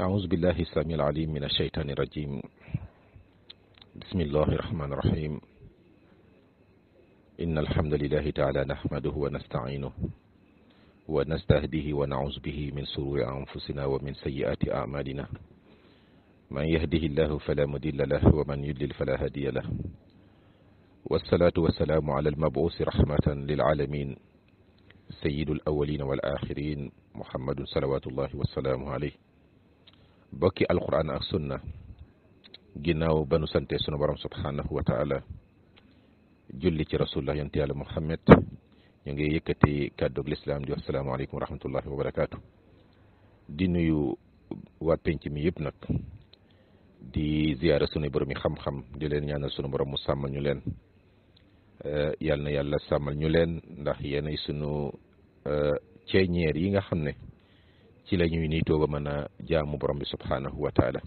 أعوذ بالله السميع العليم من الشيطان الرجيم بسم الله الرحمن الرحيم إن الحمد لله تعالى نحمده ونستعينه ونستهديه ونعوذ به من سرور أنفسنا ومن سيئات أعمالنا من يهده الله فلا مضل له ومن يضلل فلا هادي له والصلاة والسلام على المبعوث رحمة للعالمين سيد الأولين والآخرين محمد صلوات الله والسلام عليه bokki alquran ak sunna ginnaaw ba nu sante sunu borom subhanahu wa taala julli ci rasulullah yonte yàlla muhammad ñu ngi yëkkati kàddug lislaam di asalaamaaleykum wa rahmatullahi wa barakaatu di nuyu waa penc mi yëpp nag di ziyaara sunu borom yi xam-xam di leen ñaanal sunu borom mu sàmmal ñu leen yàlla na yàlla sàmmal ñu leen ndax yéenay sunu ceeñeer yi nga xam ne ci la ñuy niitoo ba mën a jaamu borom bi subhaanahu wa taala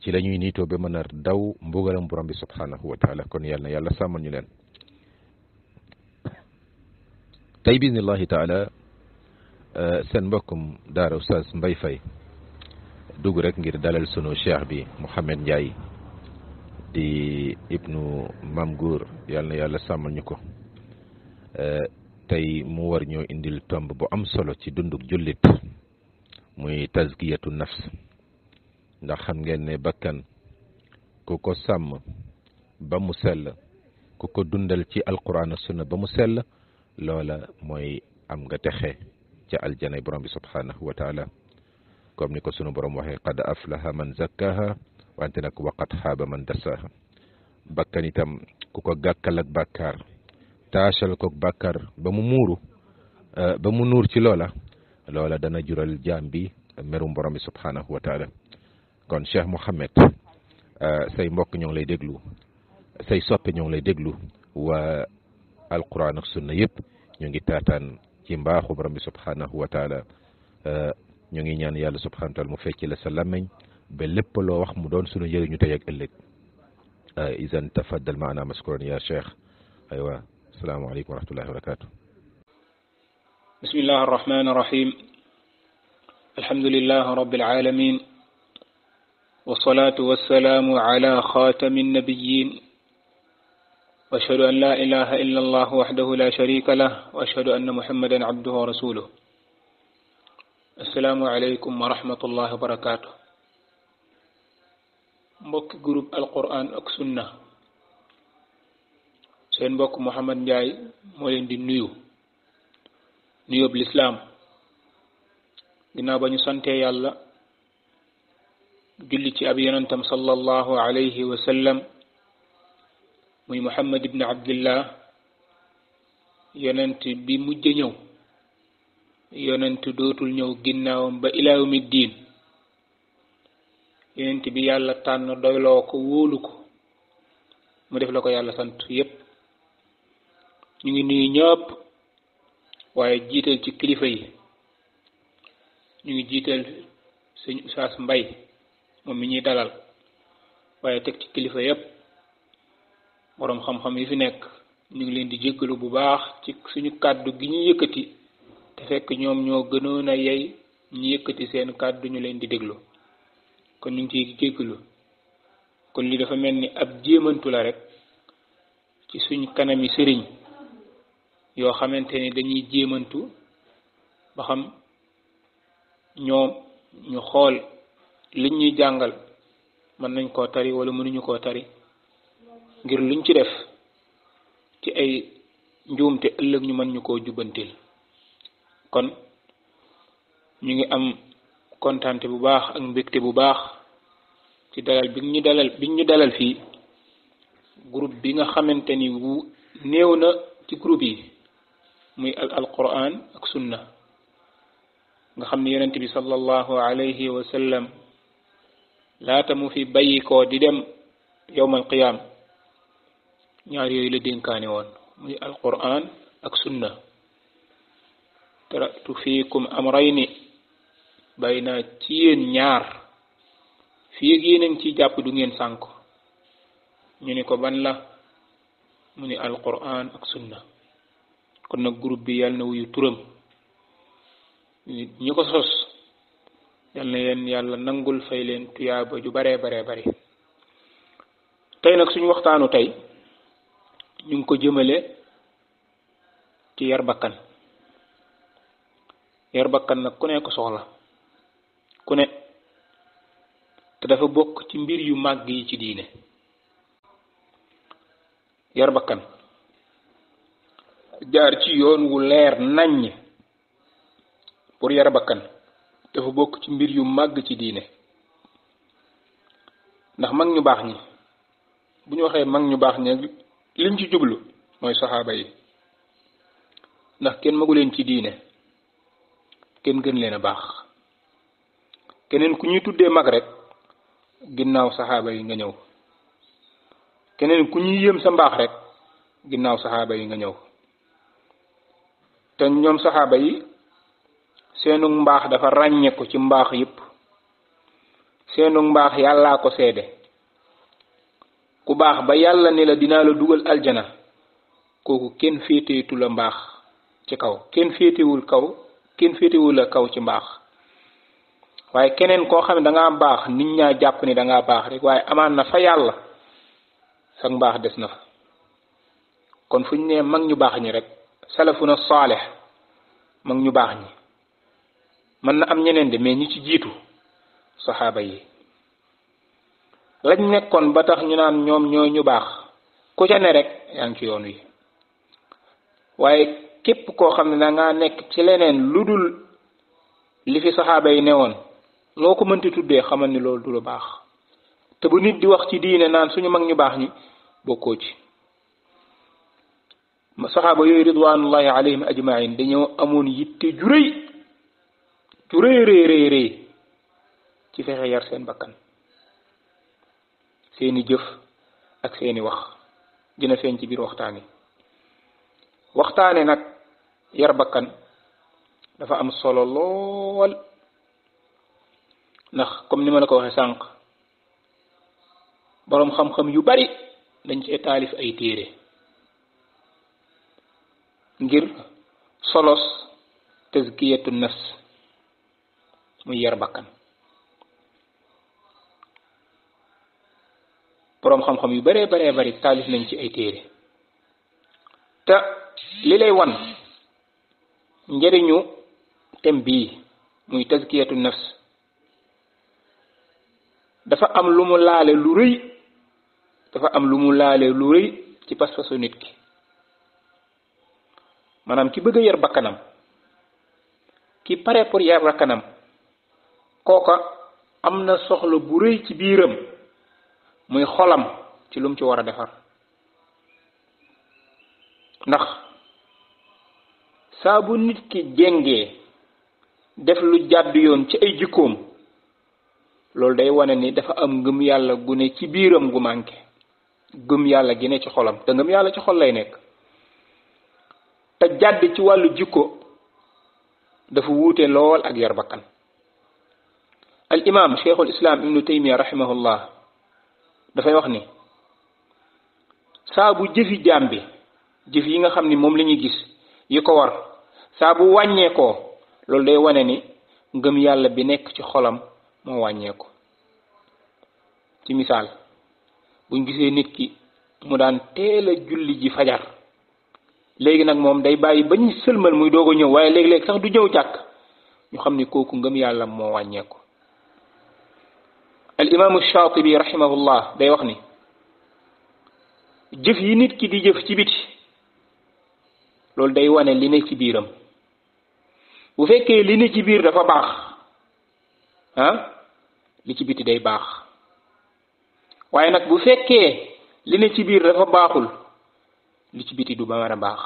ci la ñuy niitoo ba mën a daw mbugalam borom bi subhaanahu wa taala kon yàlla na ñu leen tey bismillahi taala euh, seen mbokkum daara Oustaz Mbaye Faye dugg rek ngir dalal sunu cheikh bi Mouhamed Ndiaye di ibnu Mam Gour yàlla na yàlla sàmmal ñu ko euh, tey mu war ñoo indil tomb bu am solo ci dunduk jullit muy tazkiyatu nafs ndax xam ngeen ne bakkan ku ko sàmm ba mu sell ku ko dundal ci alquran sunna ba mu sell loola mooy am nga texe ca aljana borom bi subhanahu wa taala comme ni ko sunu borom waxee qad aflaha man zakkaha wante nag waqat xaaba man dasaha bakkan itam ku ko gàkkal ak bàkkaar taachal ko bàkkaar ba mu muuru ba mu nuur ci loola lola dana jural jambi bi merum borom subhanahu wa taala kon cheikh mohammed say mbok ñong lay déglu say soppe ñong lay déglu wa alquran ak sunna yeb ñu ngi tatan ci mbaxu borom subhanahu wa taala ñu ngi ñaan yàlla subhanahu wa taala mu fecc la sa be lépp lo wax mu doon sunu njëriñu tey ak ëllëg isan tafaddal maana maskuran ya cheikh aywa السلام عليكم ورحمة الله وبركاته بسم الله الرحمن الرحيم الحمد لله رب العالمين والصلاة والسلام على خاتم النبيين واشهد أن لا إله إلا الله وحده لا شريك له واشهد أن محمدا عبده ورسوله السلام عليكم ورحمة الله وبركاته mbokki جروب القرآن أكسنة سين محمد جاي Mouhamad Ndiaye نيو nu yóbbu lislaam ginnaaw ba ñu santee yàlla julli ci ab yonentam sallallahu alayhi wa sallam muy muhammad ibn abdillah yonent bi mujj ñëw yonent dootul ñëw ginnaawam ba ilaa yawmi diin yonent bi yàlla tànn doyloo ko wóolu mu def la ko yàlla sant yépp ñu ngi nuyu ñëpp waaye jiital ci kilifa yi ñu ngi jiital sëñ Oustaz Mbay moom mi ñuy dalal waaye teg ci kilifa yépp boroom xam-xam yi fi nekk ñu ngi leen di jéggalu bu baax ci suñu kàddu gi ñu yëkkati te fekk ñoom ñoo gënoon a yey ñu yëkkati seen kàddu ñu leen di déglu kon ñu ngi ci jéggalu kon li dafa mel ni ab jéemantu la rek ci suñu kanami sëriñ yoo xamante ni dañuy jéemantu ba xam ñoom ñu xool liñ ñuy jàngal mën nañ koo tari wala mënuñu koo tari ngir luñ ci def ci ay njuumte ëllëg ñu mën ñu ko jubbantil kon ñu ngi am kontante bu baax ak mbégte bu baax ci dalal bi ñu dalal bi fii groupe bi nga xamante ni wu néew na ci groupe yi muy alquran ak sunna nga xamni yaronte bi sallallahu alayhi wa sallam la mu fi bàyyikoo di dem yawm alqiyam ñaar yoy la dénkaane won muy alquran ak sunna taraktu fiikum amrayni bàyyi naa ci yeen ñaar fi ak yéen ci japp du ngeen sanko ñu ni ko ban la muni alquran ak Sunnah. kon nag groupe bi yàlla na wuyu turam nit ñi ko sos yàlla na yéen yàlla nangul fay leen tuyaaba ju baree baree bari tey nag suñu waxtaanu tey ñu ngi ko jëmale ci yar bakkan bakkan nag ku ne ko soxla ku ne te dafa bokk ci mbir yu màgg yi ci diine yar jaar ci yoon wu leer naññ pour yar bakkan dafa bokk ci mbir yu màgg ci diine ndax mag ñu baax ñi bu ñu waxee mag ñu baax ñi liñ ci jublu mooy saxaaba yi ndax kenn magu leen ci diine kenn gën leen a baax keneen ku ñuy tuddee mag rek ginnaaw saxaaba yi nga ñëw keneen ku ñuy yëm sa mbaax rek ginnaaw saxaaba yi nga ñëw te ñoom sahaba yi seenu mbaax dafa ko ci mbaax yépp seenu mbaax yàllaa ko seede ku baax ba yàlla ne la dinaa la dugal aljana kooku kenn féeteetu la mbaax ci kaw kenn féetewul kaw kenn féetewul la kaw ci mbaax waaye keneen koo xam ne da ngaa baax nit ñaa jàpp ni da ngaa baax rek waaye amaan na fa yàlla sag mbaax des kon fu ñu mag ñu baax ñi rek salafuna saalih mag ñu baax ñi mën na am ñeneen de mais ñi ci jiitu saxaaba yi lañ nekkoon ba tax ñu naan ñoom ñooy ñu baax ku ca ne rek yaa ngi ci yoon wi waaye képp koo xam ne dangaa nekk ci leneen lu dul li fi saxaaba yi newoon loo ko mënti tuddee xamal ni loolu du lu baax te bu nit di wax ci diine naan suñu mag ñu baax ñi bokkoo ci صحابة رضوان الله عليهم أجمعين دنيو أمون يتي جري جري ري ري ري كيف غير سين بكان سين جف أك سين وخ جنا سين تبير وقتاني وقتاني نك ير بكان دفع أم صلى الله وال نخ كم نمال كوه سانق بروم خم خم يباري لنج اتالف اي تيري ngir solos tazkiyatu nafs muy yar bakkan boroom xam-xam yu baree baree bari taalif nañ ci ay téere te li lay wan njëriñu tem bii muy tazkiyatu nafs dafa am lu mu laale lu rëy dafa am lu mu laale lu rëy ci pas-pasu nit ki maanaam ki bëgg a yar bakkanam ki pare pour yar bakkanam kooka am na soxla bu rëy ci biiram muy xolam ci lu mu ci war a defar ndax saa bu nit ki jéngee def lu jàdd yoon ci ay jikkoom loolu day wane ni dafa am ngëm yàlla gune ci biiram gu mànke gëm yàlla gi ne ci xolam te ngëm yàlla ci xol lay nekk te jàdd ci wàllu jikko dafa wuute lool ak yor bakkan al imam cheikhul islam ibnu taymiya rahimahullah dafay wax ni saa bu jëfi jaam bi jëf yi nga xam ni moom lañuy ñuy gis yi ko war saa bu wàññeekoo loolu day wane ni ngëm yàlla bi nekk ci xolam moo wàññeeku ci misaal buñ gisee nit ki mu daan teel julli ji fajar légui nak mom day bàyyi bañ seulmal muy dogo ñëw waye léeg-léeg sax du ñëw ciak ñu xamni koku kooku ngëm yàlla moo wàññeeku al imam ash-shatibi rahimahullah day wax ni jëf yi nit ki di jëf ci biti lool day wone li ne ci biiram bu fekke li ne ci biir dafa bax ah li ci biti day bax waye nak bu fekke li ne ci biir dafa baxul li ci biti du ba wara bax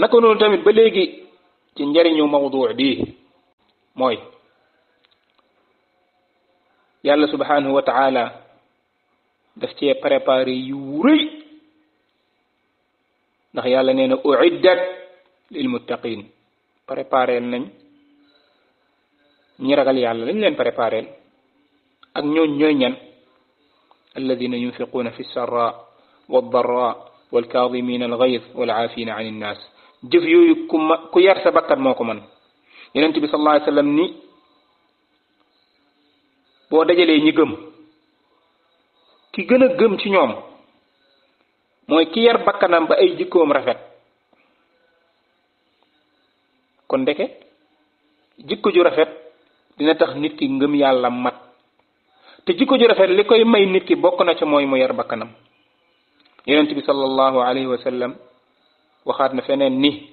nako non tamit ba legi ci njariñu mawdu bi moy yàlla subhanahu wa taala daf ci préparer yu reuy ndax yàlla neena uiddat lil muttaqin préparer nañ ñi ragal yàlla lañ leen préparer ak ñoo ñoy ñan alladina yunfiquuna fi sarra wa darra والكاظمين الغيظ والعافين عن الناس جف يو كوم كو يار سبكات موكو مان صلى الله عليه وسلم ني بو داجالي ني گم كي گنا گم سي نيوم موي كي يار بكانام با اي جيكوم رافت كون ديكه جيكو جو رافت dina tax nit ki ngëm yàlla mat te jikko ju rafet li koy may nit ki bokk na ca mooy mu yar yonent bi sallallahu alayhi wa sallam waxaat na feneen ni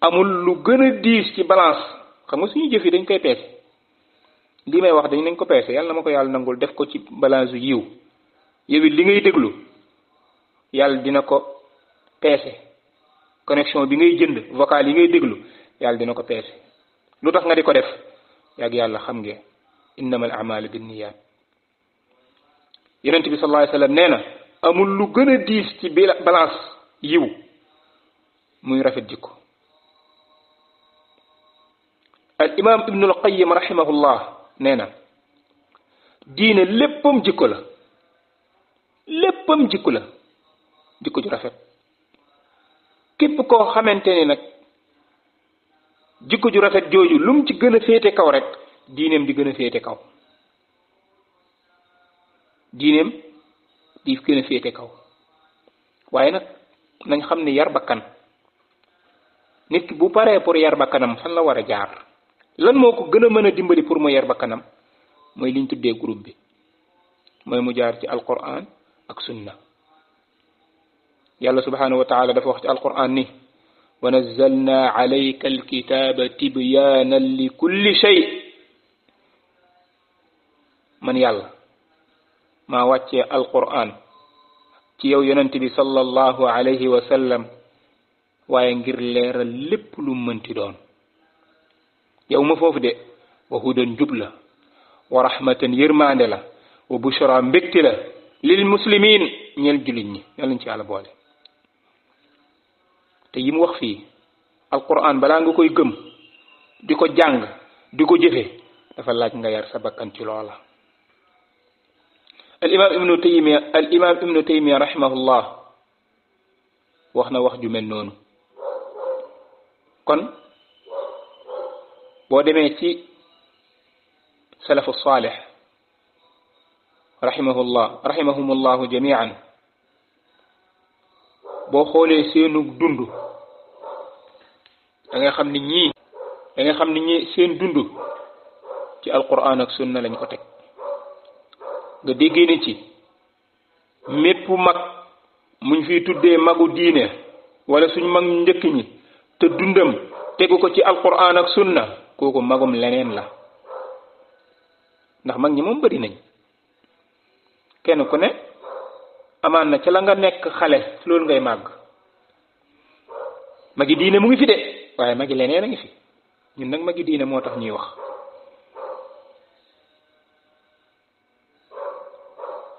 amul lu gën a diis ci balance xam nga suñu jëf yi dañ koy peese li may wax dañ nañ ko peese yàlla na ma ko yàlla nangul def ko ci balance yu yiw yow it li ngay déglu yàlla dina ko peese connexion bi ngay jënd vocal yi ngay déglu yàlla dina ko peese lu tax nga di ko def yàgg yàlla xam ngeen innama al amalu binniyaat yonent bi sallallahu alayhi wa sallam nee na amul lu gën a diis ci balance yiw muy rafet jikko al imaam ibnul qayim rahimahullah nee na diine léppam jikko la léppam jikko la jikko ju rafet képp koo xamante ni nag jikko ju rafet jooju lum ci gën a féete kaw rek diineem di gën a féete kaw diineem yiif gën a féete kaw waaye nag nañ xam ne yar bakkan nit ki bu paree pour yar bakkanam fan la war a jaar lan moo ko gën a mën a dimbali pour mu yar bakkanam mooy liñ tuddee groupe bi mooy mu jaar ci alquran ak sunna yàlla subhanahu wa taala dafa wax ci alquran ni wa nazzalna alayka alkitaba tibyaanan li kulli shay man yàlla maa wàccee alquran ci yow yonent bi sallallahu alayhi wa waaye ngir leeral lépp lu mënti doon yow ma foofu de wa doon jub la wa rahmatan yërmaande la wa bushra mbégti la lil muslimin ñeel jullit ñi lañ ci àll boole te yi wax fii alquran balaa nga koy gëm di ko jàng di ko jëfe dafa laaj nga yar sa ci loola الإمام ابن تيمية الإمام ابن تيمية رحمه الله وحنا واخ من نونو كون بو سلف الصالح رحمه الله رحمهم الله جميعا بو خولي سينو دوندو انا خامني ني داغا خامني ني سين دوندو تي القران والسنه سنه لا نكو تك nga déggéene ci mépp mag muñ fiy tuddee magu diine wala suñ mag njëkk ñi te dundam tegu ko ci alquran ak sunna kooku magum leneen la ndax mag ñi moom bëri nañ kenn ku ne amaan na ca la nga nekk xale loolu ngay màgg magi diine mu ngi fi de waaye magi leneen a ngi fi ñun nag magi diine moo tax ñuy wax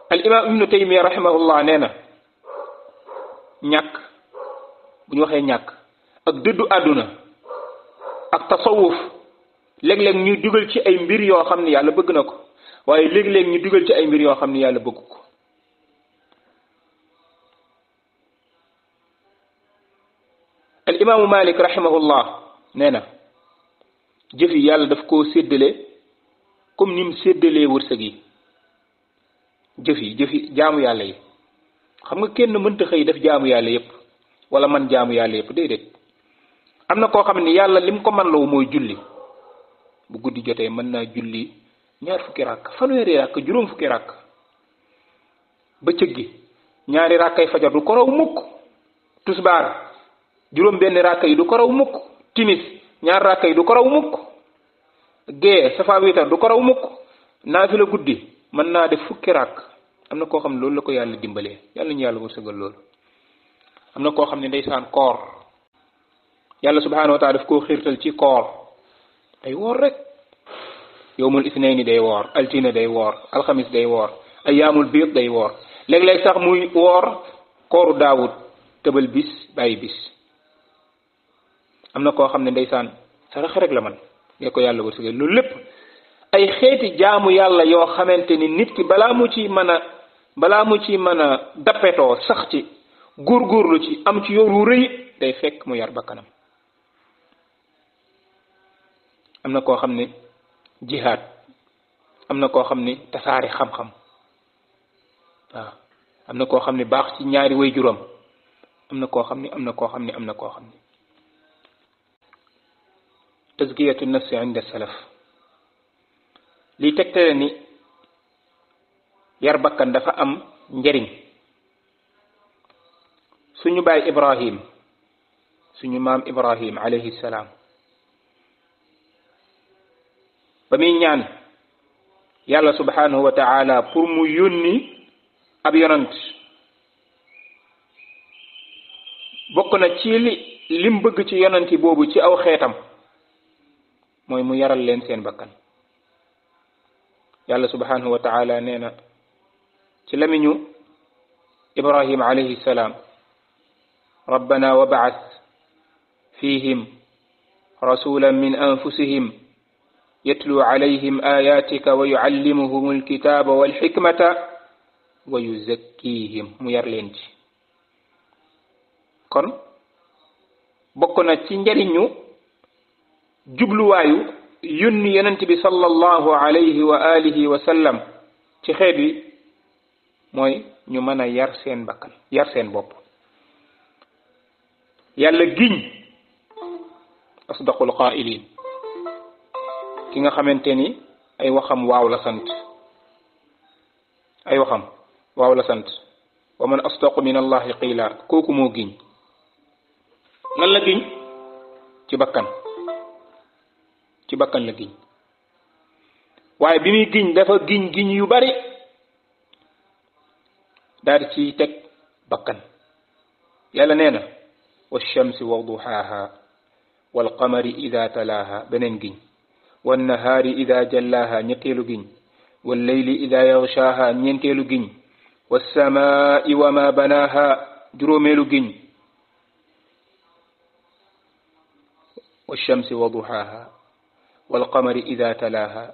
al imaam ibnu taymiya rahimahullah nee na ñàkk bu ñu waxee ñàkk ak dëddu àdduna ak tasawuf léeg-léeg ñuy dugal ci ay mbir yoo xam ne yàlla bëgg na ko waaye léeg-léeg ñu dugal ci ay mbir yoo xam ne yàlla bëgg ko al imaamu malik rahimahullah nee na jëf yi yàlla daf koo séddale comme ni mu séddalee wërsëg yi jëf yi jëf yi jaamu yàlla yi xam nga kenn mënta xëy def jaamu yàlla yëpp wala man jaamu yàlla yëpp déedéet am na koo xam ne yàlla lim ko man law mooy julli bu guddi jotee mën naa julli ñaar fukki ràkk fanweeri ràkk juróom fukki ràkk bëccëg gi ñaari ràkkay fajar du ko raw mukk tusbaar juróom benn ràkk yi du ko raw mukk timis ñaar ràkk yi du ko raw mukk gee safa witar du ko raw mukk naafila guddi mën naa def fukki ràkk amna ko xamne loolu la ko yàlla dimbalee yàlla ñu yàlla wërsëgal loolu amna ko xamne xam koor yàlla subhanahu wa taala daf koo xiirtal ci koor day woor rek yowmul isnayni day woor altina day woor alxamis day woor ayyamul biid day woor léeg-léeg sax muy woor kooru daawud tëbal bis bàyyi bis am na koo xam ne ndeysaan sarax rek la man ne ko yàlla wërsëgal loolu lépp ay xeeti jaamu yàlla yoo xamante ni nit ki balaa mu ci mën a balaa mu ci mën a dappetoo sax ci góor góorgóorlu ci am ci yoon wu rëy day fekk mu yar bakkanam am na koo xam ne jihaad am na koo xam ni tasaari xam-xam waaw am na koo xam ne baax ci ñaari way am na koo xam ne am na koo xam ne am na koo xam ne tazkiyatu nafsi inda salaf ni yar bakkan dafa am njariñ suñu baay ibrahim suñu maam ibrahim alayhi salam ba muy ñaan yàlla subhanahu wa taala pour mu yónni ab yonant bokk na ci li lim bëgg ci yonanti boobu ci aw xeetam mooy mu yaral leen seen bakkan yàlla subhanahu wa taala nee na ci lamiñu ibrahim alayhi salaam ربنا وبعث فيهم رسولا من انفسهم يتلو عليهم آياتك ويعلمهم الكتاب والحكمة ويزكيهم ميرلنج كون بكنا تنجرنيو جبلوايو يون يننتبي صلى الله عليه وآله وسلم تخيبي mooy ñu mën a yar seen bakkan yar seen bopp yàlla giñ asdaqul qaa'iliin ki nga xamante ni ay waxam waaw la sant ay waxam waaw la sant wa man asdaqu min allahi qiila kooku moo giñ lan la giñ ci bakkan ci bakkan la giñ waaye bi muy giñ dafa giñ giñ yu bari daal di ciy teg bakkan yàlla nee na walchamsi wa duhaaha walqamari ida talaaha beneen giñ wannahaari ida jallaaha ñetteelu giñ walleyli ida yaxshaaha ñeenteelu giñ wassamaai wa ma banaaha juróomeelu giñ والشمس وضحاها والقمر إذا تلاها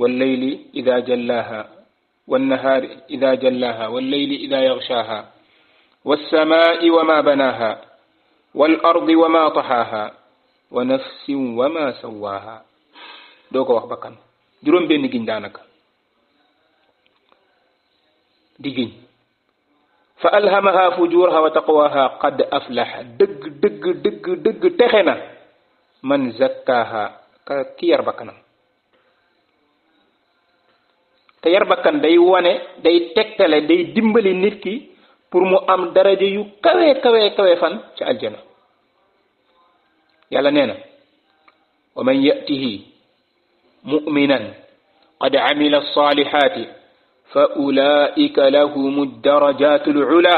والليل إذا جلاها والنهار إذا جلاها والليل إذا يغشاها والسماء وما بناها والأرض وما طحاها ونفس وما سواها دوكا واخ بكام جروم بن غين دانكا دي فالهمها فجورها وتقواها قد افلح دغ دغ دغ دغ تخنا من زكاها كيار بكنم te yar bakkan day wone day tektale day dimbali nit ki pour mu am daraja yu kawe kawe kawe fan ci aljana yàlla nee wa man yatihi muminan qad amila alsalihati fa ulaika lahum aldarajat alula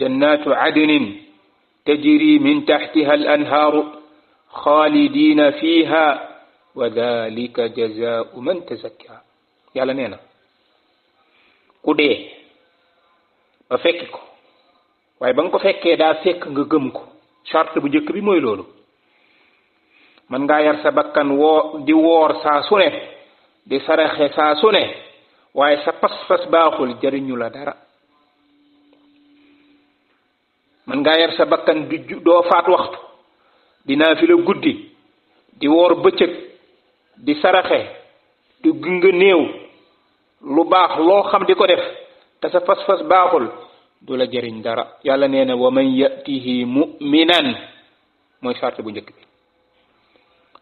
jannatu adnin تجري من تحتها الانهار خالدين فيها وذلك جزاء من تزكى yala nena kude, ku dee ba fekki ko waye bang ko fekke da fekk nga gem ko charte bu njëkk bi moy lolu man nga yar sa bakkan wo di wor saa su di saraxe saa su waye sa pas pass baaxul jariñu la dara man nga yar sa bakkan di do faat waxtu di nafila la guddi di wor beccëk di saraxé di neew lu bax lo xam diko def ta sa fas-fas baxul du la jëriñ dara yàlla neena wa man yatihi muminan moy charte bu njëkk bi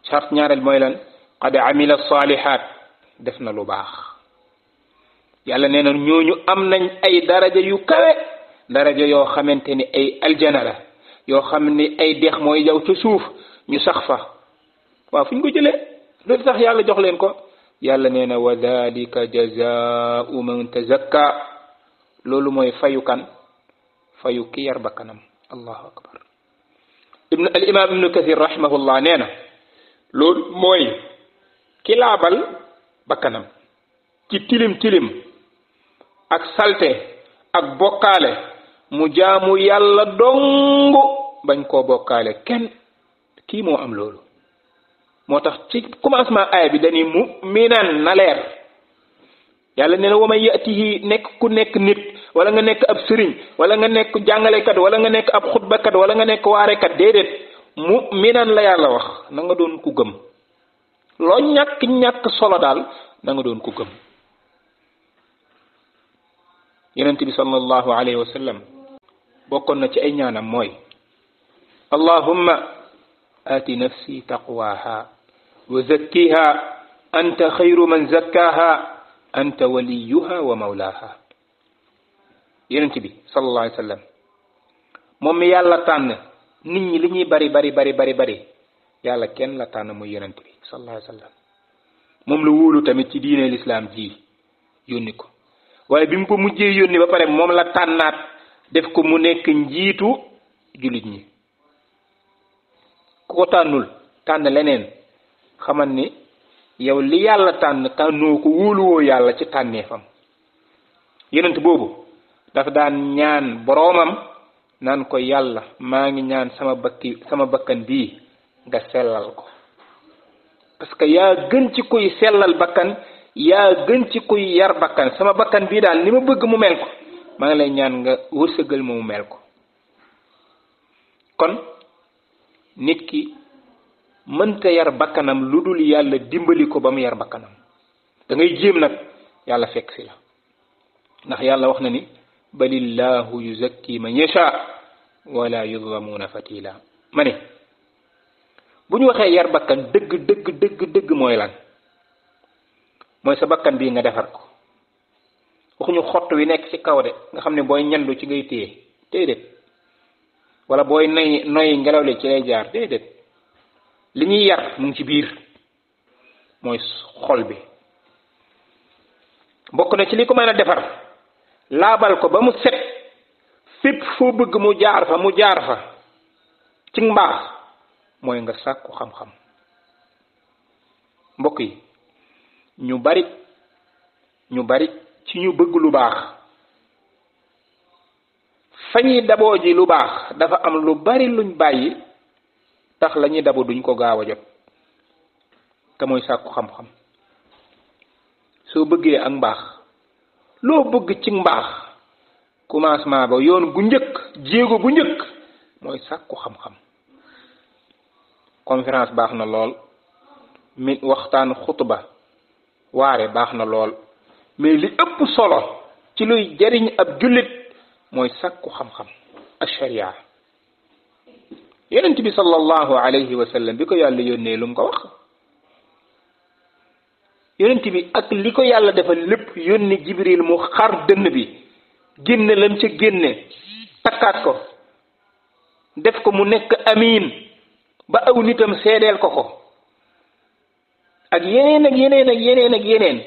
charte ñaaral moy lan qad amila salihat def na lu bax yàlla neena na ñooñu am nañ ay daraja yu kawe daraja yo xamanteni ay aljana la yo xamni ay dex moy jaw ci suuf ñu sax fa wa fuñ ko jëlé loolu tax yàlla jox leen ko yàlla nee na wa dalika jazaau man tazakka loolu mooy fayu kan fayu ki yar bakkanam allahu akbar ibn al imam ibnu kathir rahimahullah nee na loolu mooy ki laabal bakkanam ci tilim tilim ak salte ak bokkaale mu jaamu yàlla dong bañ koo bokkaale kenn kii moo am loolu moo tax ci commencement aaya bi dañuy mu miinaan na leer yàlla nee na wa may yatihi nekk ku nekk nit wala nga nekk ab sëriñ wala nga nekk jàngalekat wala nga nekk ab xutbakat wala nga nekk waarekat déedéet mu miinaan la yàlla wax nanga doon ku gëm loo ñàkk ñàkk solo daal na doon ku gëm yonent bi sallallahu alayhi bokkoon na ci ay ñaanam mooy allahumma aati nafsi taqwaha wa zakkiha anta man zakkaha anta waliyuha wa mawlaaha yonent bi sallallahu alayhi moom yàlla tànn nit ñi li ñuy bari bari bari bari yàlla kenn la tànn muy yonent bi sallallahu alayhi moom la wóolu tamit ci diine lislaam ji yónni ko waaye bi mu ko mujjee yónni ba pare moom la tànnaat def ko mu nekk njiitu jullit ñi ku ko tànnul tànn leneen xamal ni yow li yàlla tànn tànnoo ko wóoluwoo yàlla ci tànneefam yenent boobu dafa daan ñaan boroomam naan ko yàlla maa ngi ñaan sama bakki sama bakkan bii nga sellal ko parce que yaa gën ci kuy sellal bakkan yaa gën ci kuy yar bakkan sama bakkan bii daal ni ma bëgg mu mel ko maa ngi lay ñaan nga wërsëgal ma mu mel ko kon nit ki mënta yar bakkanam lu dul yàlla dimbali ko ba mu yar bakkanam dangay ngay jéem nag yàlla fekk si la ndax yàlla wax na ni balillahu yuzakki man yasha wala yuzlamuuna fatila ma ne bu ñu waxee yar bakkan dëgg dëgg dëgg dëgg mooy lan mooy sa bakkan bii nga defar ko waxuñu xott wi nekk ci kaw de nga xam ne booy ñandu ci ngay téye déedéet walla booy noy noy ngelaw li ci lay jaar déedéet li ñuy yar mu ci biir mooy xol bi mbokk na ci li ko mën a defar laabal ko ba mu set fépp foo bëgg mu jaar fa mu jaar fa ci mbaax mooy nga sàkku xam-xam mbokk yi ñu bari ñu bari ci ñu bëgg lu baax fa ñuy ji lu baax dafa am lu bari luñ bàyyi tax la ñuy dabu duñ ko gaaw a jot te mooy sàkku xam-xam soo bëggee ak mbaax loo bëgg ci mbaax commencement ba yoon gu njëkk jéego gu njëkk mooy sàkku xam-xam conférence baax na lool mi waxtaan xutba waare baax na lool mais li ëpp solo ci luy jariñ ab jullit mooy sàkku xam-xam ak يننت صلى الله عليه وسلم بكو يالا يوني لوم كو واخ يننت بي اك ليكو يالا ديفال ليب يوني جبريل مو خار دن بي جن لم سي ген تكات كو ديف كو مو نيك امين با او نيتام سيدل كو كو اك يينين اك يينين اك يينين اك يينين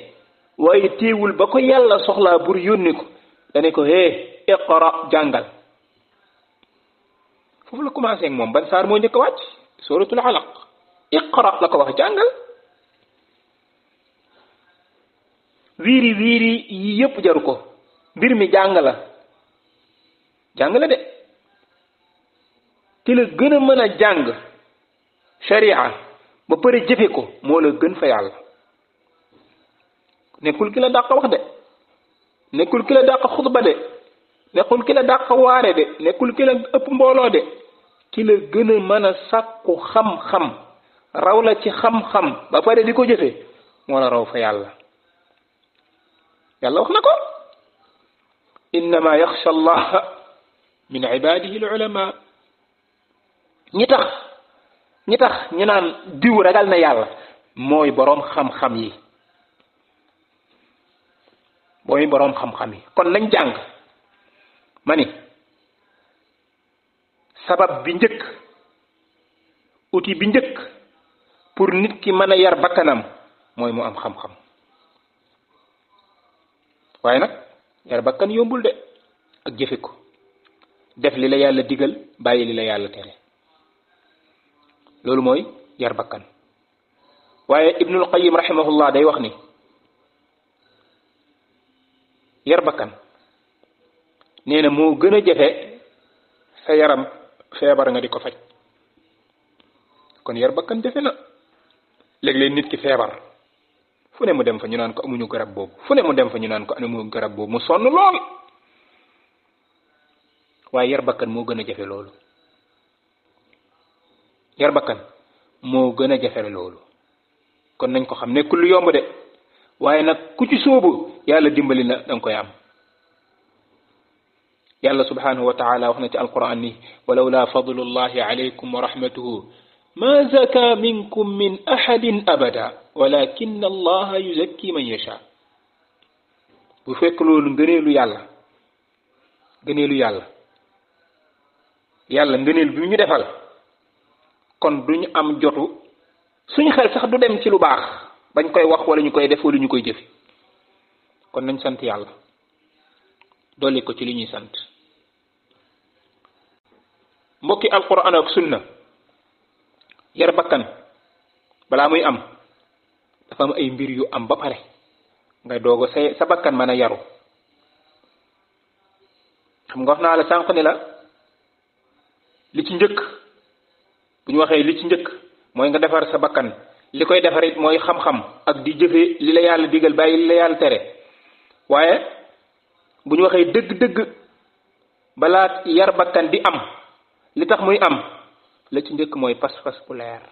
واي تيول بكو يالا سوخلا بور يوني كو داني كو هي اقرا جانغال foofu la commencé moom ban saar moo njëkk a wàcc suratul alaq iqra la ko wax jàngal wiiri wiiri yi yëpp jaru ko mbir mi jàng la jàng la de ki gën a mën a jàng sharia ba pare jëfe ko moo la gën fa yàlla nekkul ki dàq wax de nekkul ki dàq waare de nekkul ki ëpp mbooloo de ki la gën a mën a sàkku xam-xam raw la ci xam-xam ba pare di ko jëfe moo la raw fa yàlla yàlla wax na ko innama yaxsha allah min ibadihi al ulama ñi tax ñi tax ñu naan diw ragal na yàlla mooy borom xam-xam yi mooy borom xam-xam yi kon nañ jàng ma ni sabab bi njëkk outil bi njëkk pour nit ki mën a yar bakkanam mooy mu am xam-xam waaye nag yar bakkan yombul de ak jëfe ko def li la yàlla digal bàyyi li la yàlla tere loolu mooy yar bakkan waaye ibnul qayim rahimahullah day wax ni yar bakkan nee moo gën a jafe sa yaram feebar nga di ko faj kon yar bakkan jafe na léeg-léeg nit ki feebar fu ne mu dem fa ñu naan ko amuñu garab boobu fu ne mu dem fa ñu naan ko amuñu garab boobu mu sonn lool waaye yar bakkan moo gën a jafe loolu yar bakkan moo gën a jafe loolu kon nañ ko xam ne lu yomb de waaye nag ku ci sóobu yàlla dimbali na danga koy am yàlla subhanahu wa taala wax na ci alquran ni walawla fadlullahi alaykum wa rahmatuhu ma zaka minkum min ahadin abada walakin allaha yuzakki man yasha bu fekk loolu ngëneelu yàlla ngëneelu yàlla yàlla ngëneel bi ñu defal kon duñu am jotu suñu xel sax du dem ci lu baax bañ koy wax wala ñu koy def wala ñu koy jëfe kon nañ sant yàlla dolli ko ci li ñuy sant mbokki alquran ak sunna yar bakkan bala muy am dafa am ay mbir yu am ba pare ngay dogo say sa bakkan mana yaru xam nga xna la sànq ni la li ci njëkk buñ ñu waxee li ci njëkk mooy nga defar sa bakkan li defar it mooy xam-xam ak di jëfe li la yàlla digal bàyyi li la yàlla tere waaye bu ñu waxee dëgg-dëgg yar bakkan di am li tax muy am la ci njëkk mooy pas-pas bu leer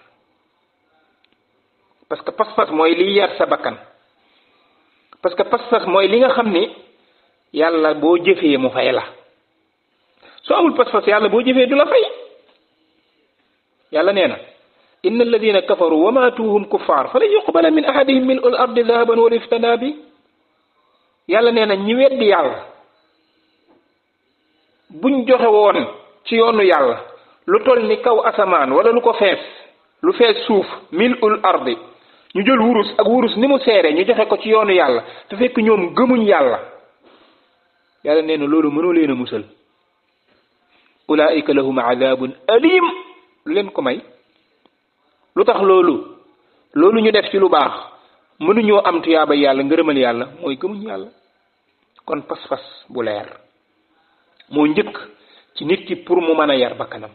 parce que pas-pas mooy liy yar sa bakkan parce que pas-pas mooy li nga xam ni yàlla boo jëfee mu fay la soo amul pas-pas yàlla boo jëfee du la fay yàlla nee na إن الذين كفروا وماتوهم كفار فلن يقبل من أحدهم من الأرض ذهبا ولا افتدى به يالا نينا ني ويد يالا بون joxe woon ci yoonu yàlla lu toll ni kaw asamaan wala lu ko fees lu fees suuf mil ul ardi ñu jël wurus ak wurus ni mu seere ñu joxe ko ci yoonu yàlla te fekk ñoom gëmuñ yàlla yàlla nee na loolu mënoo leen a musal ulaika lahum adabun alim lu leen ko may lu tax loolu loolu ñu def ci lu baax mënuñoo am tuyaaba yàlla ngërëmal yàlla mooy gëmuñ yàlla kon pas-pas bu leer moo njëkk ci nit ki pour mu mën a yar bakkanam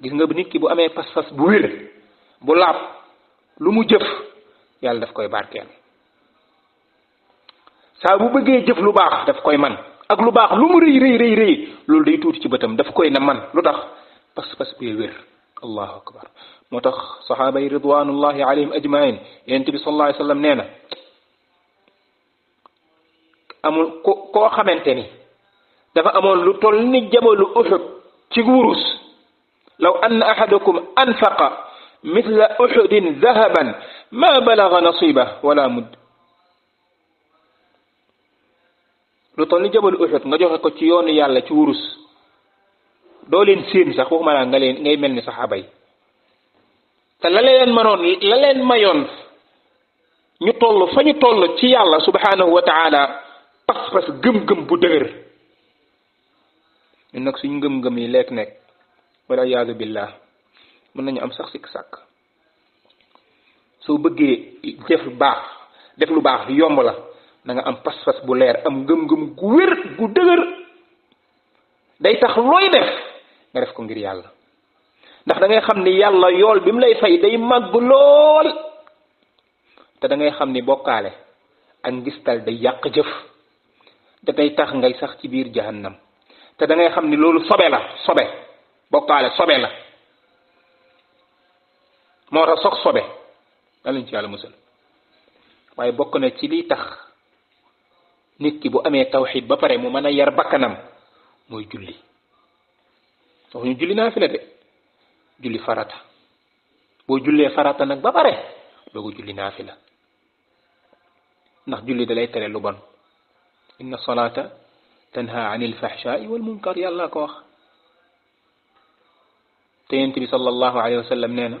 gis nga nit ki bu amee pas-pas bu wér bu laab lu mu jëf yàlla daf koy barkeel saa bu bëggee jëf lu baax daf koy man ak lu baax lu mu rëy rëy rëy loolu day tuuti ci bëtam daf koy na man lu tax pas-pas bee wér allahu akbar moo tax saxaaba yi ridwanullahi alayhim ajmain yonent bi sallallahu alayhi wa nee na amul ko koo xamante ni dafa amoon lu toll ni jamalu uxud ci wurus law ann axadakum anfaqa misla uxudin dahaban ma balaga nasiba wala mudd lu toll ni jamalu uxud nga joxe ko ci yoonu yàlla ci wurus doo leen séen sax waxuma naa nga leen ngay mel ni saxaaba yi te la leen manoon la leen mayoon ñu toll fa ñu toll ci yàlla subhanahu wa taala pas-pas gëm-gëm bu dëgër ni nak suñu ngëm-ngëm yi lek nek wala yaadu billah mën nañu am sax sik sak, so bëggé def baax def lu baax yomb la da nga am pas-pas bu leer am ngëm-ngëm gu wër gu dëgër day tax loy def nga def ko ngir yalla ndax da ngay xam ni yàlla yool lay fay day mag lool te da ngay xam ni bokkaale ak ngistal day yàq jëf da tax ngay sax ci biir jahannam te dangay xam ni loolu sobe la sobe bokkaale sobe la moo tax sox sobe dalañ ci yàlla musal waaye bokk na ci liy tax nit ki bu amee tawxid ba pare mu mën a yar bakkanam mooy julli waxuñu julli naa fi boo jullee farata ba pare doogu julli ndax julli dalay tere lu bon salaata تنهى عن الفحشاء والمنكر يلا كوخ تينتبي صلى الله عليه وسلم نينا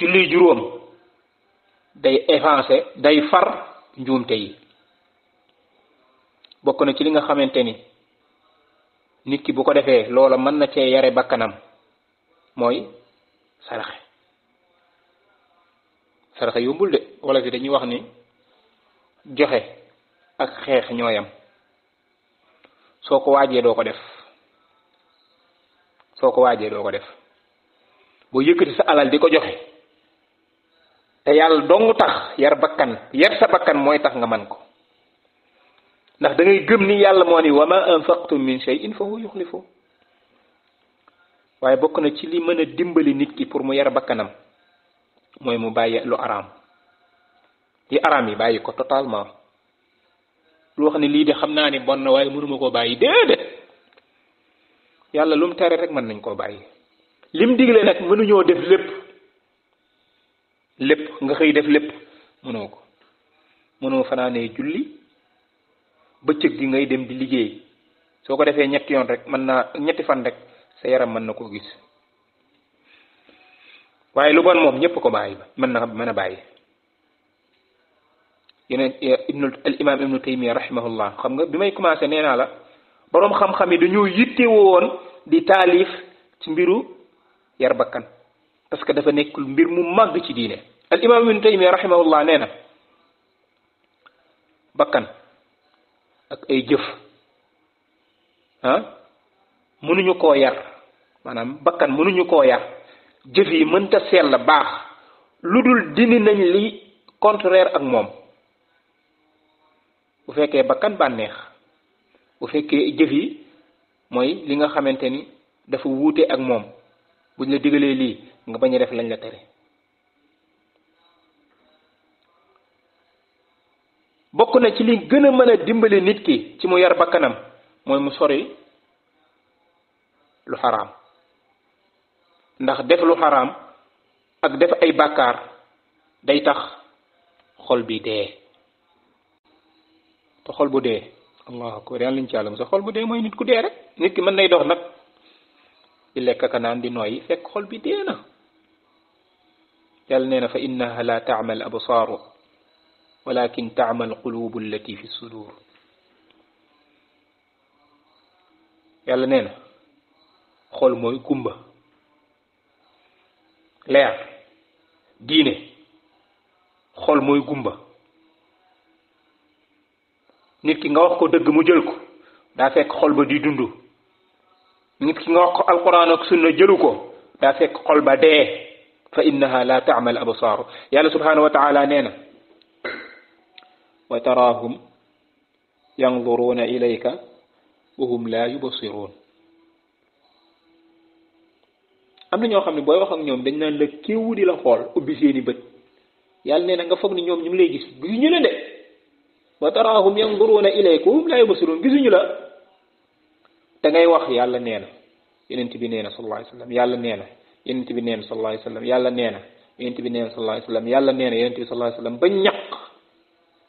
جلي جروم داي افانسي داي فر نجوم تي بكنا كلينا خمين تيني نيكي بوكو دفع لولا من نتي ياري بكنام موي سرخ سرخ يومبول دي ولا في دي نيوخني جوخي ak xeex ñooyam soko ko do ko def soko ko do ko def bo yëkkati sa alal di ko joxe te dong tax yar bakkan yar sa bakkan moy tax nga man ko ndax da ngay gëm ni yalla mo ni wa ma anfaqtum min shay'in fa huwa yukhlifu waye bokku na ci li mën dimbali nit ki pour mu yar bakkanam moy mu lu aram di aram yi totalement lu wax ne lii de xam naa ni bon na waaye mënuma koo bàyyi déedéet yàlla lu mu tere rek mën nañ koo bàyyi lim digle nag mënuñoo def lépp lépp nga xëy def lépp mënoo ko mënoo fanaanee julli bëccëg gi ngay dem di liggéey soo ko defee ñetti yoon rek mën naa ñetti fan rek sa yaram mën na koo gis waaye lu bon moom ñépp ko bàyyi mën na mën a bàyyi yeneen eh, ibnu al imam ibnu taymiya rahimahullah xam nga bi may commencé nee naa la boroom xam-xam yi dañoo yitte woon di taalif ci mbiru yar bakkan parce que dafa nekk mbir mu màgg ci diine al imam ibnu taymiya rahimahullah nee na bakkan ak ay jëf ah, mënuñu koo yar maanaam bakkan mënuñu koo yar jëf yi mënta sell baax lu dul dindi nañ li contraire ak moom bu fekkee bakkan bànneex bu fekkee jëf yi mooy li nga xamante ni dafa wuute ak moom buñ la digalee lii nga bañ a def lañ la tere bokk na ci li gën a mën a dimbali nit ki ci mu yar bakkanam mooy mu sori lu xaraam ndax def lu xaraam ak def ay bàkkaar day tax xol bii dee te xol bu dee allahu akbar yàlla nañ ci àllam sa xol bu dee mooy nit ku dee rek nit ki mën nay dox nag di lekk ak naan di nooyi fekk xol bi dee na yàlla nee na fa innaha la taama al absaaru walakin taama al qulubu allati fi sudur yàlla nee na xol mooy kumba leer diine xol mooy gumba nit ki nga wax ko dëgg mu jël ko daa fekk xol ba di dund nit ki ko xol ba dee fa innaha la taamal absaaru yàlla subhanahu wa taala nee na booy wax ak ñoom dañ naan la kéewu di la xool ubbi seeni bët yàlla nee nga foog ni ñoom ñu ngi lay gis gisuñu la de wa taraahum yanduruuna ilaykum la yubsiruun gisuñu la dangay wax yàlla nee na bi nee na sallallahu alayhi yàlla nee na yonent bi nee na sallallahu alayhi yàlla nee na yonent bi nee na sallallahu yàlla nee na yonent bi ba ñaq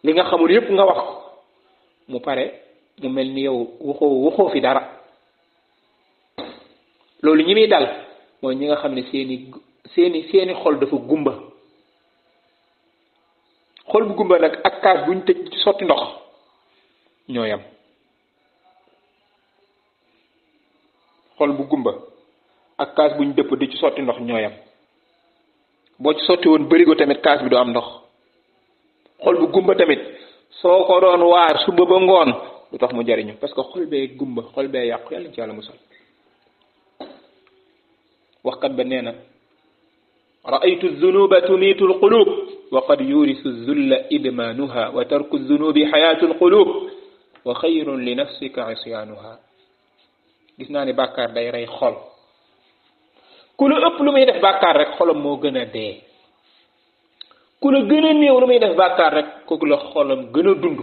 li nga xamul yépp nga wax mu pare mu mel ni yow waxoo waxoo fi dara loolu ñi muy dal mooy ñi nga xam ne seeni seeni seeni xol dafa gumba xol bu gumba nag ak kaas bu ñu tëj ci sotti ndox ñoo yem xol bu gumba ak kaas bu ñu dëpp di ci sotti ndox ñoo yem boo ci sotti woon bërigo tamit kaas bi du am ndox xol bu gumba tamit soo ko doon waar suba ba ngoon lu tax mu jariñu parce que xol bee gumba xol bee yàqu yàlla ci yàlla musal waxkat ba nee na raaytu zunuba tumiitul qulub وقد يورث الذل إدمانها وترك الذنوب حياة القلوب وخير لنفسك عصيانها gis naa ne bàkkaar day rey xol ku la ëpp lu muy def bàkkaar rek xolam moo gën a dee ku la gën a néew lu muy def bàkkaar rek kooku la xolam gën a dund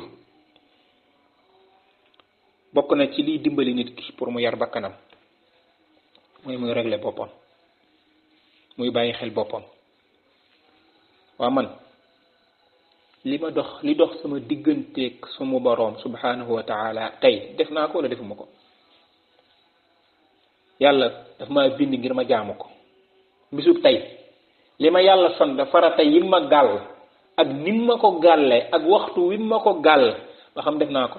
bokk na ci liy dimbali nit ki pour mu yar bakkanam mooy muy régler boppam muy bàyyi xel boppam waa li ma dox li dox sama digganteeg sumu boroom subhanahu wa taala tey def naa ko wala defuma ko yàlla daf ma bind ngir ma jaamu ko bisub tey li ma yàlla sant farata yi ma gàll ak nim ma ko gàllee ak waxtu wi ma ko gàll ba xam def naa ko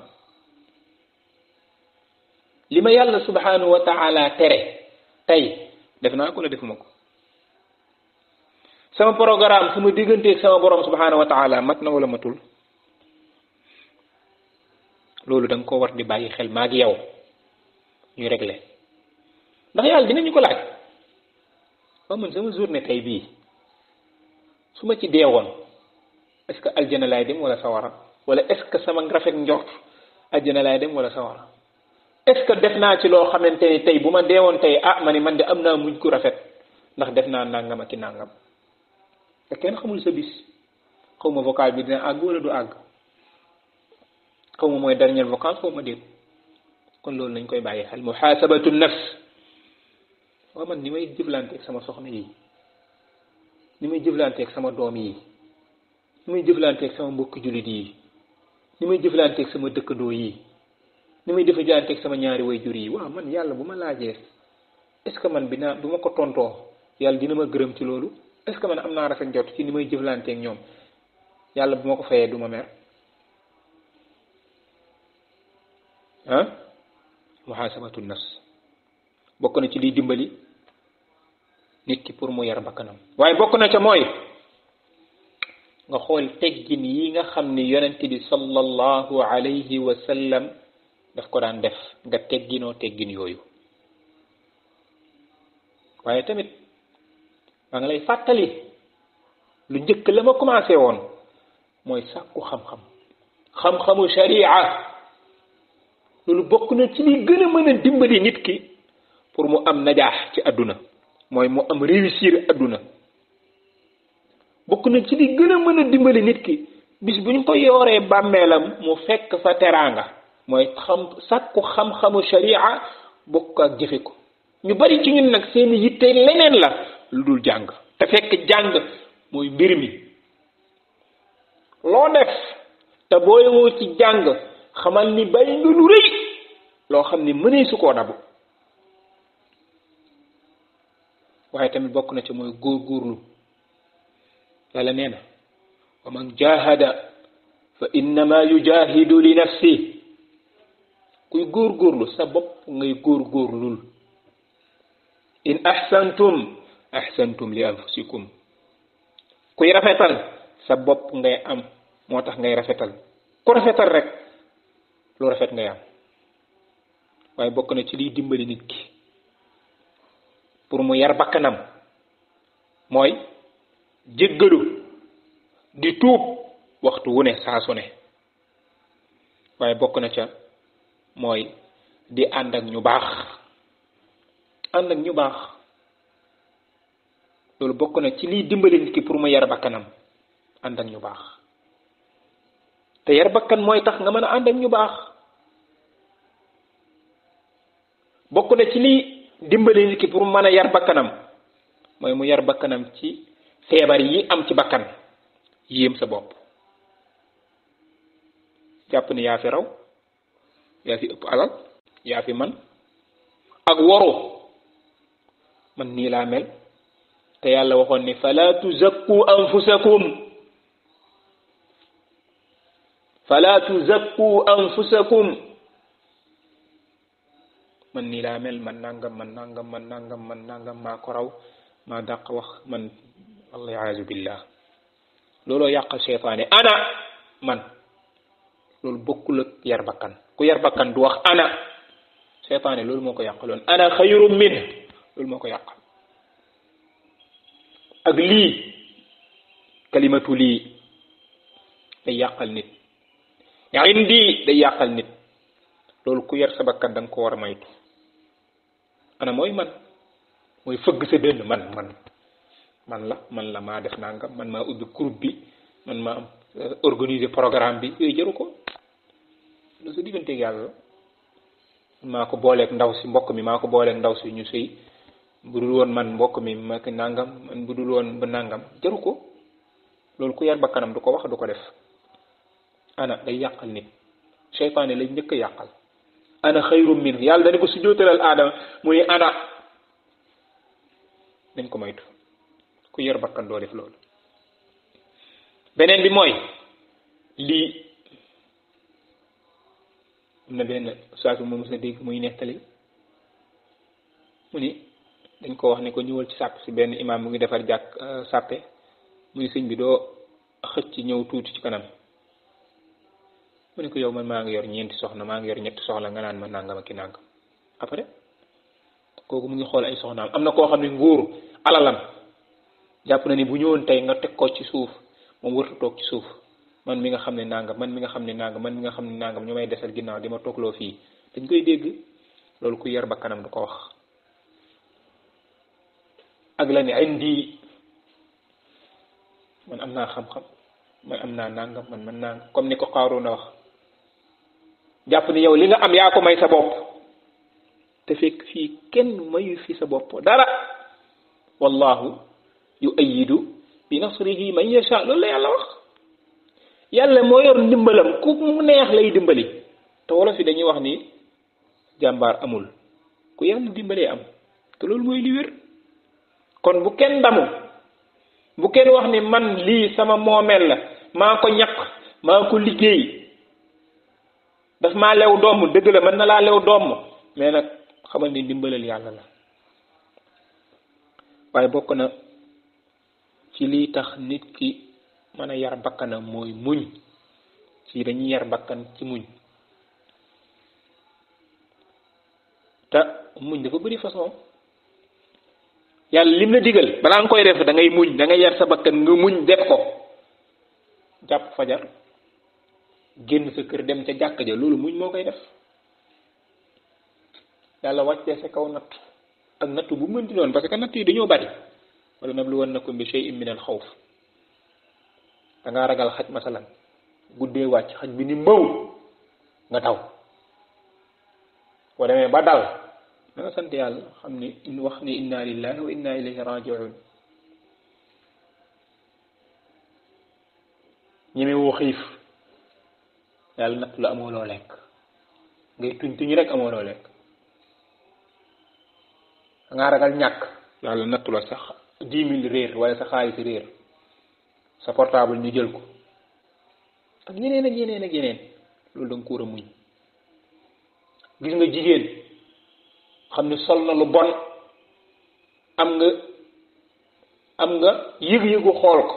li ma yàlla subhanahu wa tere tey def naa ko la defuma ko sama programme ma digganteeg sama borom subhanahu wa taala mat na wala matul loolu danga nga ko war di bàyyi xel maa ngi yow ñuy regle ndax yàlla dinañu ko laaj ba man sama journée tey bii su ma ci deewoon est-ce que aljana laay dem wala sawara wala est-ce que sama rafet njort aljana laay dem wala sawara est-ce que def naa ci loo xamante ni tey bu ma deewoon tey ah ma ni man de am naa mujj ku rafet ndax def naa nangam ak ki nangam. te kenn xamul sa bis xaw ma vocal bi dina àgg wala du àgg xaw ma mooy dernier vocal xaw ma déet kon loolu nañ koy bàyyi xel muhaasabatu nafs waa man ni may jëflanteeg sama soxna yi ni may jëflanteeg sama doom yi ni may jëflanteeg sama mbokki jullit yi ni may jëflanteeg sama dëkkandoo yi ni may jëflanteeg sama ñaari waajur yi waaw man yàlla bu ma laajee est-ce que man bi naa bu ma ko tontoo yàlla dina ma gërëm ci loolu est-ce que man am naa rafet njort ci ni may jëflanteeg ñoom yàlla bu ma ko fayee du ma mer ah muhaasabatu nafs bokk na ci liy dimbali nit ki pour mu yar bakkanam waaye bokk na ca mooy nga xool teggin yi nga xam ni yonent bi sallallahu alayhi wa sallam daf ko daan def nga tegginoo teggin yooyu waaye tamit maa ngi lay fàttali lu njëkk la ma commencé woon mooy sàkku xam-xam xam-xamu sharia loolu bokk na ci li gën a mën a dimbali nit ki pour mu am najaax ci àdduna mooy mu am bokk na ci li gën a mën a dimbali nit ki bis bu ñu ko yooree bàmmeelam mu fekk fa teraanga mooy xam sàkku xam-xamu sharia bokk ak jëfe ko ñu bari ci ñun nag seeni yitte leneen la Ludul jang te fekk jang moy mbir mi loo def te wo ci jang xamal ni bay ndu lu reuy lo xamni mene su ko dabu waye tamit bokku na ci moy gor gorlu wa man jahada fa innama yujahidu li nafsi kuy gor gorlu sa bop ngay gor góorlul in ahsantum ahsantum li anfusikum kuy rafetal sa bopp ngay am moo tax ngay rafetal ku rafetal rek lu rafet ngay am waaye bokk na ci liy dimbali nit ki pour mu yar bakkanam mooy jéggalu di tuub waxtu wu ne saa su waaye bokk na ca mooy di ànd ak ñu baax ànd ak ñu baax lolu bokk na ci li dimbalé nit ki pour mu yar bakkanam and ak ñu bax te yar bakkan moy tax nga mëna and ak ñu bax bokk na ci li dimbalé nit ki pour mu mëna yar bakkanam moy mu yar bakkanam ci yi am ci bakkan yéem sa bop japp ni ya fi raw ya fi upp alal ya fi man ak woro man ni la mel te yàlla waxoon ni fala tuzakku anfusakum fala tuzakku anfusakum man nii laa mel man nangam man nangam man nangam man nangam maa ko raw maa dàq wax man wallahi aazu billah looloo yàqal seytaane ana man loolu bokkul ak yar bakkan ku yar bakkan du wax ana seytaane loolu moo ko yàqaloon ana xayrum min loolu moo ko yàq ak li kalimatu li day yàqal nit indi day yàqal nit loolu ku yar sa bakkan da nga ko war maytu ana mooy man mooy fëgg sa dënn man man man la man la maa def nangam man maa ubbi groupe bi man maa am organiser programme bi yooyu jëru ko loolu sa digganteeg yàlla maa ko booleeg ndaw si mbokk mi maa ko booleeg ndaw si ñu budul won man mbok mi mak nangam man budul won ba nangam jaru ko ku yar bakanam du ko wax du ko def ana day yakal nit shaytan lay ñëk yakal ana xayrum min yàlla dañ ko sujootal adam muy ana dañ ko maytu ku yar bakkan do def lol benen bi moy li na benn saatu su musa deg muy muni dañ koo wax ni ko ñëwal ci sàpp si benn imaam mu ngi defar jàkk euh, sàppe muy sëñ bi doo xëcc ñëw tuuti ci kanam mu ne ko yow man maa ngi yor ñeenti soxna maa ngi yor ñetti soxla nga naan ma nangam ki nangam après kooku mu ngi xool ay soxnaam am na koo xam ne nguur alalam jàpp na ni bu ñëwoon tey nga teg koo ci suuf moom wartu toog ci suuf man mi nga xam ne nangam man mi nga xam ne nangam man mi nga xam ne nangam ñu may desal ginnaaw di ma toogloo fii dañ koy dégg loolu ku yar ba kanam du ko wax ak la ay indi man amna xam-xam man amna naa nangam man man nang comme ni ko xaru na wax japp ni yow li nga am ya ko may sa bop te fek fi kenn mayu fi sa bop dara wallahu yu bi nasrihi man yasha lol la yalla wax yalla mo yor dimbalam ku mu neex lay dimbali te wala fi dañuy wax ni jambar amul ku yalla dimbalé am te lol moy li wër kon bu kenn damu bu kenn wax ni man lii sama moomeel la maa ko ñaq maa ko liggéey daf maa lew doom dëgg la mën na laa lew doom mais nag xamal ni ndimbalal yàlla la waaye bokk na ci liy tax nit ki mën a yar bakkanam mooy muñ ci dañuy yar bakkan ci muñ te muñ dafa bëri façon yàlla lim la digal balaa nga koy def dangay ngay muñ da ngay yar sa bakkan nga muñ def ko jàpp fajar génn sa kër dem ca jàkk ja loolu muñ moo koy def yàlla wàccee sa kaw natt ak natt bu mën di doon parce que natt yi dañoo bari wala nabluwannakum bi shay'in minal xawf da ngaa ragal xaj masalan guddee wàcc xaj bi ni mbaw nga daw boo demee ba dal dana sant yàlla xam ni wax ni inna lillahi wa inna ilayhi rajiun ñeme woo xiif yàlla natt la amoo loo lekk ngay tuñ tuñ rek amoo loo lekk nga ragal ñàkk yàlla natt la sax dix mille réer wala sa xaalis réer sa portable ñu jël ko ak yeneen ak yeneen ak yeneen loolu da nga ko war a muñ gis nga jigéen xamni sol na lu bon am nga am nga yeg yegu xol ko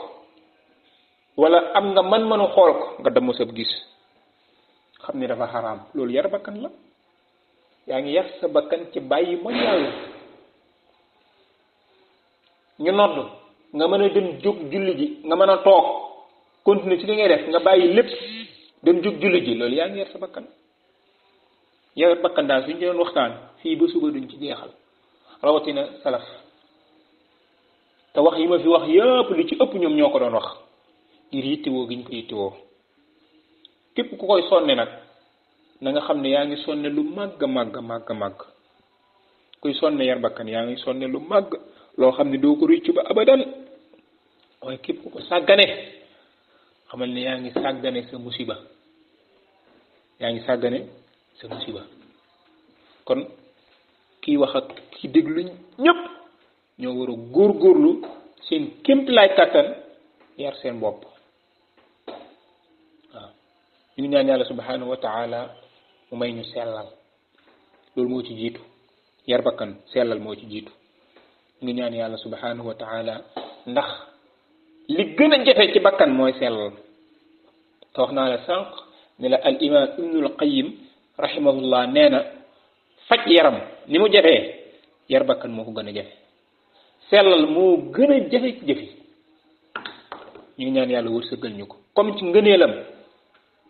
wala am nga man-manu xol ko nga dem sab gis xamni dafa haram lolou yar bakkan la yaa ngi yar sa bakkan ci bayyi mo yàlla ñu nodd nga mëna dem juk julli ji nga mëna tok continue ci li ngay def nga bayyi lepp dem juk julli ji lolou yar sa bakkan yow ya, bakanda suñ ci doon waxtaan fii ba suba ya, duñ ci jeexal rawatina salaf te wax yi ma fi wax yépp li ci ëpp ñoom ñoo ko doon wax ngir yittewoo giñ ko yittewoo képp ku koy sonne nag na nga xam ne yaa ngi sonne lu màgg màgg màgg màgg kuy sonne yar bakkan yaa ngi sonne lu màgg loo xam ne doo ko rëccu ba abadan waaye képp ku ko sàggane xamal ne yaa ngi sàggane sa musiba yaa ngi sa musiba kon ki wax ak ki deglu ñep ñoo wara gor gorlu seen lay katan yar seen bop ñu ñaan yalla subhanahu wa taala mu may ñu selal lool mo ci jitu yar bakkan selal mo ci jitu ñu ñaan yalla subhanahu wa taala ndax li gëna a ci bakkan moy selal te wax la sank ni la al imam al qayyim rahimahullah neena fajj yaram ni mu jafee yar bakkan moko gëna Jefe selal mo gëna moo gën a ci Alam, ñu ñaan yalla wërsëgal ñu ko comme ci ngeeneelam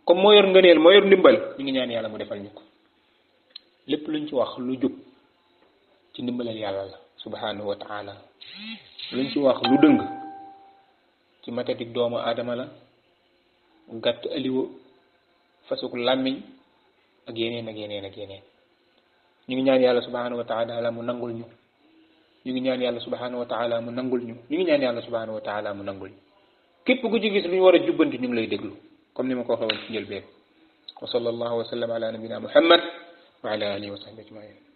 comme moyor ngeeneel moyor ndimbal ñu ñaan yalla mu defal ñuko lepp luñ ci wax lu juk ci ndimbalal yalla la subhanahu wa taala luñ ci wax lu dëng ci matatik doomu adama la gàtt aliwo fasuk lamiñ ak yeneen ak yeneen ak yeneen ñu ngi ñaan yàlla subhanahu wa taala mu nangul ñu ñu ngi ñaan yàlla subhanahu wa taala mu nangul ñu ñu ngi ñaan yàlla subhanahu wa taala mu nangul ñu képp ku ci gis lu ñu war a jubbanti ñu lay déglu comme ni ma ko waxee woon ci njëlbeen wa sallallahu wa sallam ala nabina muhammad wa ala wa sahbi ajmain